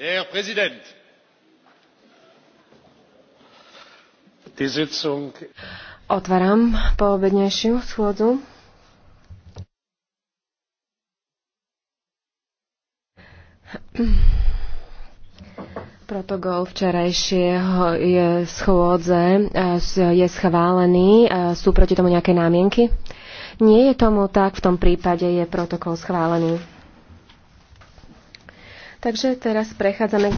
herr präsident! otváram poobednejšiu schôdzu. Protokol včerajšieho schôdze e, je schválený. E, sú proti tomu nejaké námienky? Nie je tomu tak, v tom prípade je protokol schválený. Takže teraz prechádzame